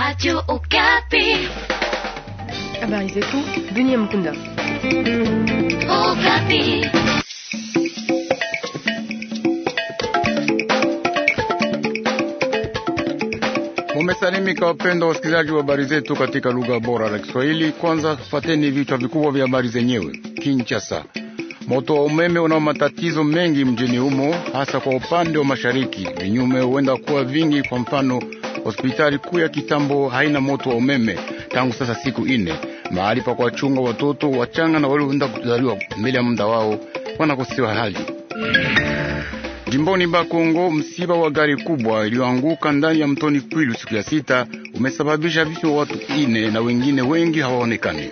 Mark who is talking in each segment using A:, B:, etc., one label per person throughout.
A: Radio Okapi.
B: Habari ah zetu dunia mkunda.
A: Okapi.
C: Mumesalimika wapendwa wasikilizaji wa habari zetu katika lugha bora la Kiswahili. Kwanza fateni vichwa vikubwa vya habari zenyewe. Kinshasa. Moto wa umeme una matatizo mengi mjini humo, hasa kwa upande wa mashariki. Vinyume huenda kuwa vingi, kwa mfano Hospitali kuu ya Kitambo haina moto wa umeme tangu sasa siku ine. Mahali pa kuwachunga watoto wachanga na walioenda kuzaliwa mbele ya muda wao wanakosewa hali Jimboni Bakongo, msiba wa gari kubwa iliyoanguka ndani ya mtoni Kwilu siku ya sita umesababisha vifo watu ine na wengine wengi hawaonekani.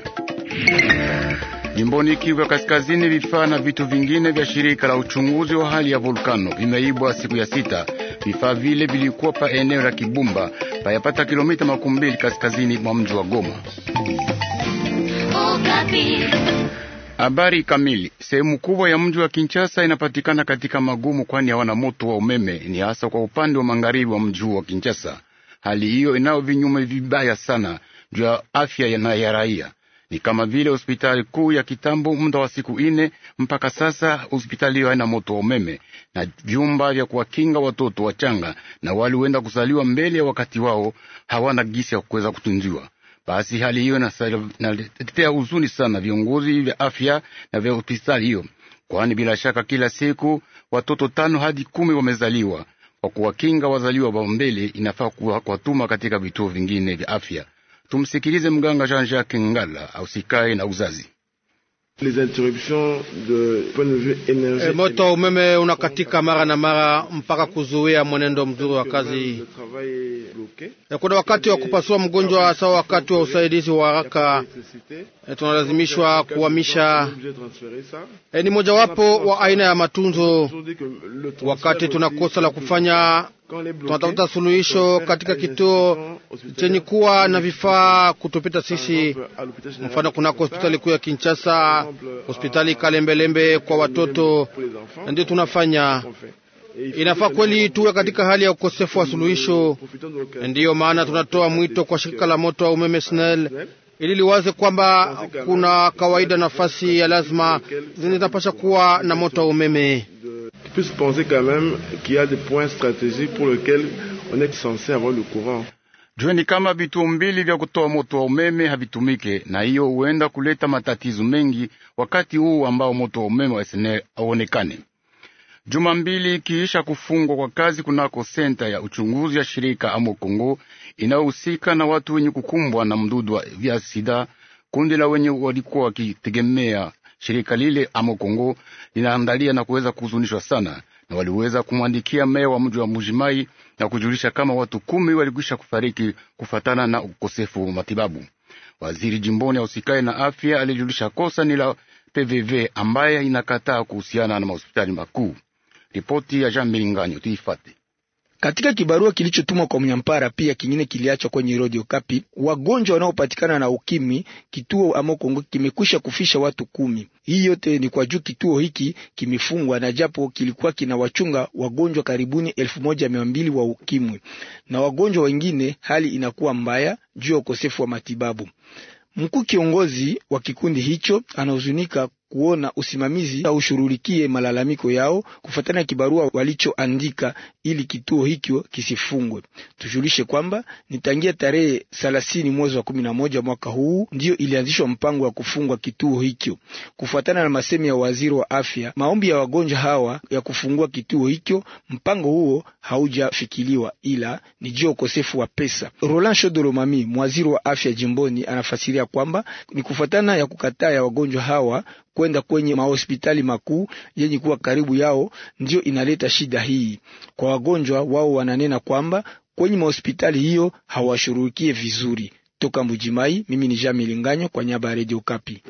C: Jimboni Kivu ya Kaskazini, vifaa na vitu vingine vya shirika la uchunguzi wa hali ya volkano vimeibwa siku ya sita Vifaa vile vilikuwa pa eneo la Kibumba payapata kilomita makumi mbili kaskazini mwa mji wa Goma. Habari kamili. Sehemu kubwa ya mji wa Kinshasa inapatikana katika magumu, kwani hawana moto wa umeme, ni hasa kwa upande wa magharibi wa mji wa Kinshasa. Hali hiyo inayo vinyume vibaya sana juu ya afya na ya raia ni kama vile hospitali kuu ya kitambo muda wa siku ine mpaka sasa. Hospitali hiyo haina moto wa umeme na vyumba vya kuwakinga watoto wachanga na waliwenda kuzaliwa mbele ya wakati wao, hawana gisi ya kuweza kutunziwa. Basi hali hiyo inaletea huzuni sana viongozi vya afya na vya hospitali hiyo, kwani bila shaka kila siku watoto tano hadi kumi wamezaliwa. Kwa kuwakinga wazaliwa wa mbele, inafaa kuwatuma katika vituo vingine vya afya. Tumsikilize mganga Jean Jacques Ngala ausikae na uzazi.
A: E, moto wa umeme unakatika mara na mara mpaka kuzuia mwenendo mzuri wa kazi. E, kuna wakati wa kupasua mgonjwa sawa wakati wa usaidizi wa haraka. E, tunalazimishwa kuhamisha. E, ni mojawapo wa aina ya matunzo.
B: Wakati tunakosa la kufanya tunatafuta suluhisho katika kituo
A: chenye kuwa na vifaa kutupita sisi, mfano kunako hospitali kuu ya Kinshasa, hospitali Kalembelembe kwa watoto, na ndio tunafanya Inafaa kweli tuwe katika hali ya ukosefu wa suluhisho. Ndiyo maana tunatoa mwito kwa shirika la moto wa umeme SNEL ili liwaze kwamba kuna kawaida nafasi ya lazima zinazopasha kuwa na moto wa umeme puisse penser quand même qu'il y a des points stratégiques pour lesquels on est censé avoir le courant.
C: Jueni kama vituo mbili vya kutoa moto wa umeme havitumike, na hiyo huenda kuleta matatizo mengi wakati huu ambao moto wa umeme wa SNL hauonekane. Juma mbili ikiisha kufungwa kwa kazi kunako senta ya uchunguzi ya shirika Amo Kongo inayohusika na watu wenye kukumbwa na mdudu wa vya sida, kundi la wenye walikuwa wakitegemea Shirika lile Amo Kongo linaandalia na kuweza kuhuzunishwa sana, na waliweza kumwandikia meya wa mji wa Mujimai na kujulisha kama watu kumi walikwisha kufariki kufatana na ukosefu wa matibabu. Waziri jimboni ausikae na afya alijulisha kosa ni la PVV ambaye inakataa kuhusiana na mahospitali makuu. Ripoti ya Jean Milinganyo tuifate.
A: Katika kibarua kilichotumwa kwa mnyampara pia kingine kiliachwa kwenye Radio Kapi, wagonjwa wanaopatikana na ukimwi kituo amo Kongo kimekwisha kufisha watu kumi. Hii yote ni kwa juu kituo hiki kimefungwa na japo kilikuwa kinawachunga wagonjwa karibuni elfu moja mia mbili wa ukimwi, na wagonjwa wengine hali inakuwa mbaya juu ya ukosefu wa matibabu. Mkuu kiongozi wa kikundi hicho anahuzunika kuona usimamizi haushughulikie malalamiko yao kufuatana na kibarua walichoandika ili kituo hikyo kisifungwe. Tujulishe kwamba nitangia tarehe 30 mwezi wa 11 mwaka huu ndiyo ilianzishwa mpango wa kufungwa kituo hikyo. Kufuatana na masemi ya waziri wa afya, maombi ya wagonjwa hawa ya kufungua kituo hikyo, mpango huo haujafikiliwa, ila ni juu ukosefu wa pesa. Roland Shodolomami, mwaziri wa afya jimboni, anafasiria kwamba ni kufuatana ya kukataa ya wagonjwa hawa kwenda kwenye mahospitali makuu yenye kuwa karibu yao, ndiyo inaleta shida hii kwa wagonjwa wao wananena kwamba kwenye mahospitali hiyo hawashurukie
C: vizuri. Toka Mbujimai, mimi ni Jean Milinganyo kwa nyaba ya Radio Kapi.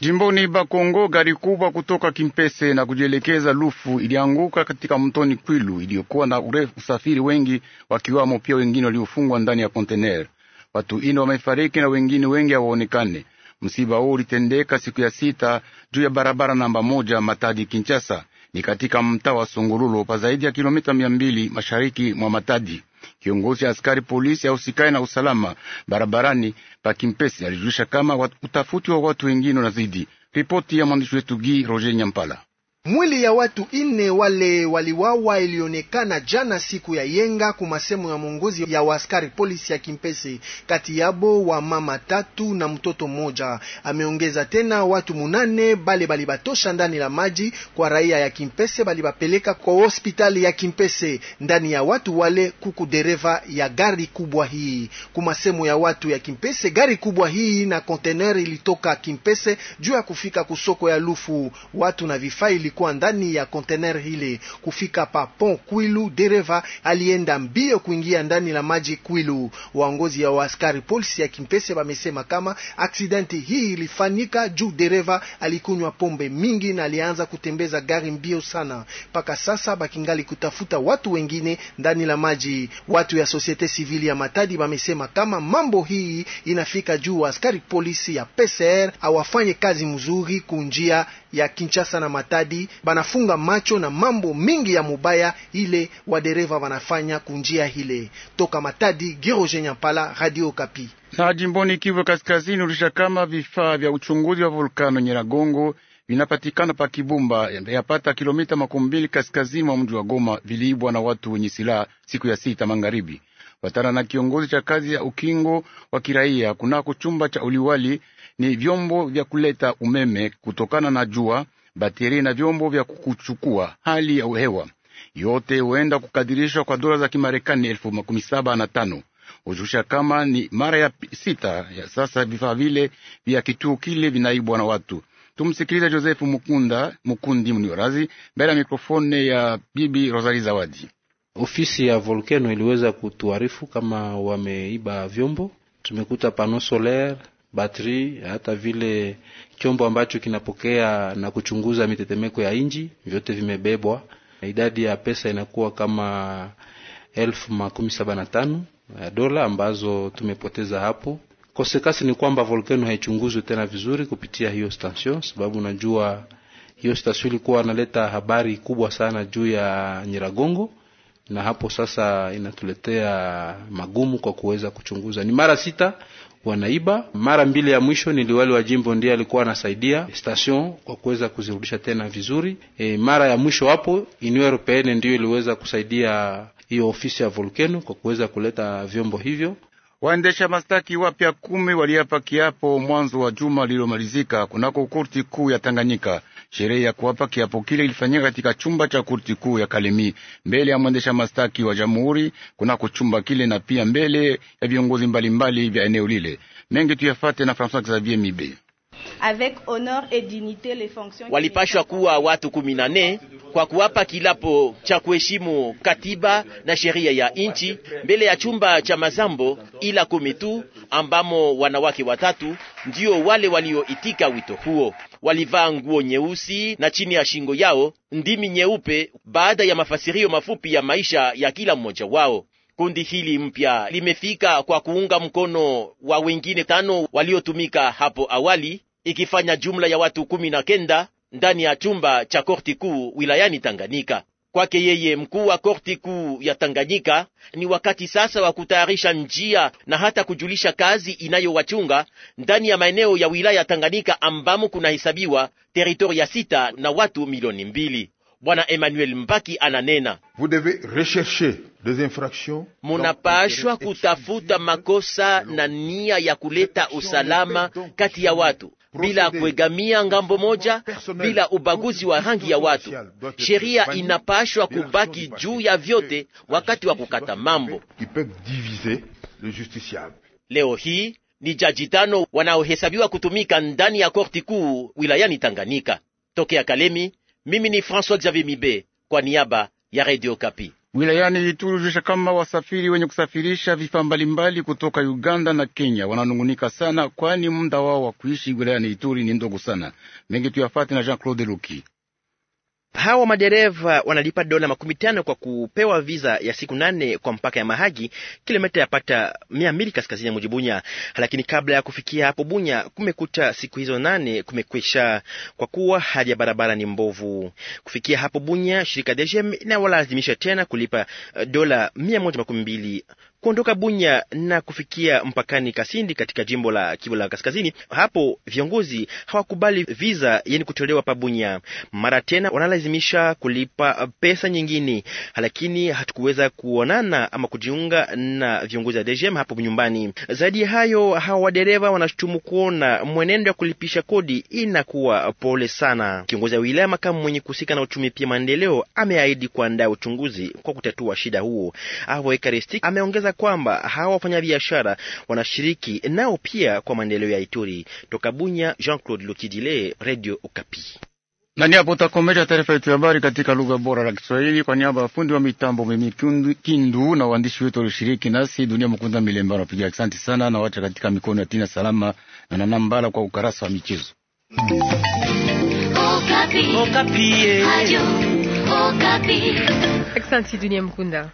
C: Jimboni Bakongo, gari kubwa kutoka Kimpese na kujielekeza Lufu ilianguka katika mtoni Kwilu iliyokuwa na urefu usafiri wengi, wakiwamo pia wengine waliofungwa ndani ya kontener. Watu ine wamefariki na wengine wengi hawaonekane. Msiba huu ulitendeka siku ya sita juu ya barabara namba moja Matadi Kinshasa ni katika mtaa wa Sungululu pa zaidi ya kilomita mia mbili mashariki mwa Matadi. Kiongozi ya askari polisi ausikane na usalama barabarani pa Kimpesi alijulisha kama utafuti wa watu wengine unazidi. Ripoti ya mwandishi wetu Gi Roger Nyampala.
B: Mwili ya watu ine wale waliwawa ilionekana jana siku ya yenga kumasemo ya mongozi ya waskari polisi ya Kimpese, kati yabo wa mama tatu na mtoto mmoja. Ameongeza tena watu munane bale balibatosha ndani la maji kwa raia ya Kimpese, balibapeleka kwa hospitali ya Kimpese. Ndani ya watu wale kuku dereva ya gari kubwa hii. Kumasemo ya watu ya Kimpese, gari kubwa hii na kontener ilitoka Kimpese juu ya kufika kusoko ya Lufu. Watu na vifaa ilikuwa ndani ya kontener hili. Kufika pa pont Kwilu, dereva alienda mbio kuingia ndani la maji Kwilu. Waongozi ya waaskari polisi ya Kimpese wamesema kama aksidenti hii ilifanyika juu dereva alikunywa pombe mingi na alianza kutembeza gari mbio sana. Mpaka sasa bakingali kutafuta watu wengine ndani la maji. Watu ya societe civili ya Matadi wamesema kama mambo hii inafika juu askari polisi ya PCR awafanye kazi mzuri kunjia ya Kinshasa na Matadi banafunga macho na mambo mingi ya mubaya ile wadereva wanafanya kunjia hile. Toka Matadi, Geroje Nyampala, Radio Kapi.
C: Na jimboni Kivu Kaskazini ulisha kama vifaa vya uchunguzi wa volkano Nyiragongo vinapatikana pa Kibumba yapata kilomita makumi mbili kaskazini mwa mji wa Goma viliibwa na watu wenye silaha siku ya sita magharibi watana na kiongozi cha kazi ya ukingo wa kiraia kunako chumba cha uliwali. Ni vyombo vya kuleta umeme kutokana na jua bateri na vyombo vya kuchukua hali ya uhewa Yote huenda kukadirishwa kwa dola za Kimarekani elfu makumi saba na tano. Huzusha kama ni mara ya sita ya sasa vifaa vile vya kituo kile vinaibwa na watu. Tumsikiliza Josefu Mukunda Mukundi Mniorazi mbele ya mikrofone ya Bibi Rosali Zawadi. Ofisi ya volkeno iliweza kutuarifu kama
A: wameiba vyombo, tumekuta pano solaire batri, hata vile chombo ambacho kinapokea na kuchunguza mitetemeko ya inji, vyote vimebebwa. Idadi ya pesa inakuwa kama elfu makumi saba na tano ya eh, dola ambazo tumepoteza hapo. Kosekasi ni kwamba volkeno haichunguzwi tena vizuri kupitia hiyo station, sababu najua hiyo station ilikuwa analeta habari kubwa sana juu ya Nyiragongo, na hapo sasa inatuletea magumu kwa kuweza kuchunguza. Ni mara sita wanaiba. Mara mbili ya mwisho ni liwali wa jimbo ndiye alikuwa anasaidia station kwa kuweza kuzirudisha tena vizuri. E, mara ya mwisho hapo Union Europeenne ndiyo iliweza kusaidia hiyo ofisi ya volcano kwa kuweza kuleta
C: vyombo hivyo. Waendesha mastaki wapya kumi waliapa kiapo mwanzo wa juma lililomalizika kunako korti kuu ya Tanganyika. Sherehe ya kuwapa kiapo kile ilifanyika katika chumba cha kurti kuu ya Kalemi, mbele ya mwendesha mastaki wa jamhuri kuna kuchumba kile, na pia mbele ya viongozi mbalimbali vya eneo lile. Mengi tuyafate na Francois Xavier Mibe.
B: Avec honor et dignité, les fonctions
C: walipashwa kuwa watu kumi na nne kwa kuwapa
D: kilapo cha kuheshimu katiba na sheria ya nchi mbele ya chumba cha mazambo, ila kumi tu ambamo wanawake watatu ndio wale walioitika wito huo. Walivaa nguo nyeusi na chini ya shingo yao ndimi nyeupe, baada ya mafasirio mafupi ya maisha ya kila mmoja wao. Kundi hili mpya limefika kwa kuunga mkono wa wengine tano waliotumika hapo awali, ikifanya jumla ya watu kumi na kenda ndani ya chumba cha korti kuu wilayani Tanganyika. Kwake yeye mkuu wa korti kuu ya Tanganyika, ni wakati sasa wa kutayarisha njia na hata kujulisha kazi inayowachunga ndani ya maeneo ya wilaya ya Tanganyika ambamo kunahesabiwa teritoria sita na watu milioni mbili. Bwana Emmanuel Mbaki ananena,
C: vous devez rechercher des infractions,
D: munapashwa kutafuta makosa na nia ya kuleta usalama kati ya watu bila kuegamia ngambo moja, bila ubaguzi wa rangi ya watu. Sheria inapashwa kubaki juu ya vyote wakati wa kukata mambo. Leo hii ni jaji tano wanaohesabiwa kutumika ndani ya korti kuu wilayani Tanganyika. Tokea Kalemi, mimi ni François Xavier Mibe kwa niaba ya Radio Kapi
C: wilayani Ituri kama wasafiri wenye kusafirisha vifaa mbalimbali kutoka Uganda na Kenya wananungunika sana, kwani muda wao wa kuishi wilayani Ituri ni ndogo sana. Mengi tuyafate na Jean Claude Luki
E: hawa madereva wanalipa dola makumi tano kwa kupewa viza ya siku nane kwa mpaka ya Mahagi, kilomita yapata mia mbili kaskazini ya muji Bunya. Lakini kabla ya kufikia hapo Bunya kumekuta siku hizo nane kumekwisha, kwa kuwa hali ya barabara ni mbovu. Kufikia hapo Bunya, shirika DGM inawalazimisha tena kulipa eh, dola mia moja makumi mbili kuondoka Bunya na kufikia mpakani Kasindi katika jimbo la Kivu la Kaskazini. Hapo viongozi hawakubali viza yani kutolewa pa Bunya, mara tena wanalazimisha kulipa pesa nyingine, lakini hatukuweza kuonana ama kujiunga na viongozi wa DGM hapo nyumbani. Zaidi ya hayo, hawa wadereva wanashutumu kuona mwenendo ya kulipisha kodi inakuwa pole sana. Kiongozi wa wilaya makamu mwenye kuhusika na uchumi pia maendeleo ameahidi kuandaa uchunguzi kwa kutatua shida huo. Avo Ekaristi ameongeza kueleza kwamba hawa wafanyabiashara wanashiriki nao pia kwa maendeleo ya Ituri. Toka Bunya, Jean Claude Lukidile, Radio Okapi.
C: Na hapo takomesha taarifa yetu ya habari katika lugha bora la Kiswahili. Kwa niaba ya fundi wa mitambo mimi Kindu na waandishi wetu walioshiriki nasi, Dunia Mkunda Milemba anapiga asante sana na wacha katika mikono ya Tina Salama na Nanambala kwa ukarasa wa michezo eh.
B: Asante Dunia Mkunda.